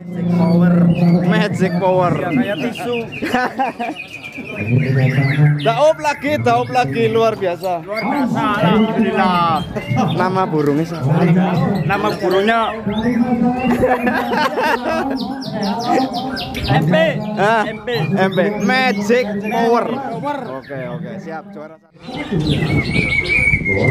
Magic power, magic power. Ya, kayak tisu. daop lagi, daop lagi luar biasa. Luar biasa, alhamdulillah. Nama burungnya siapa? Nama burungnya MP, MP, MP, Magic Power. Oke, oke, siap juara. Luar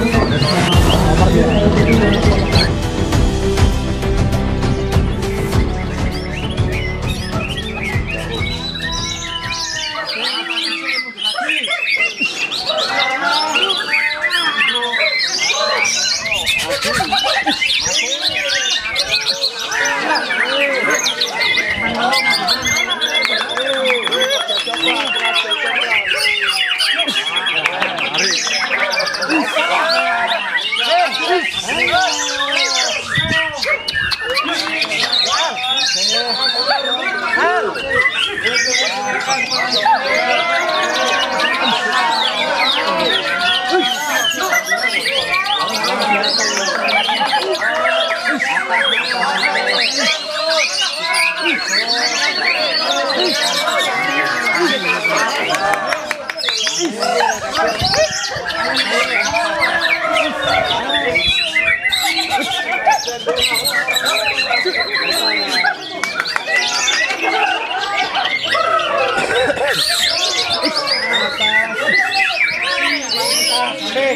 Hey!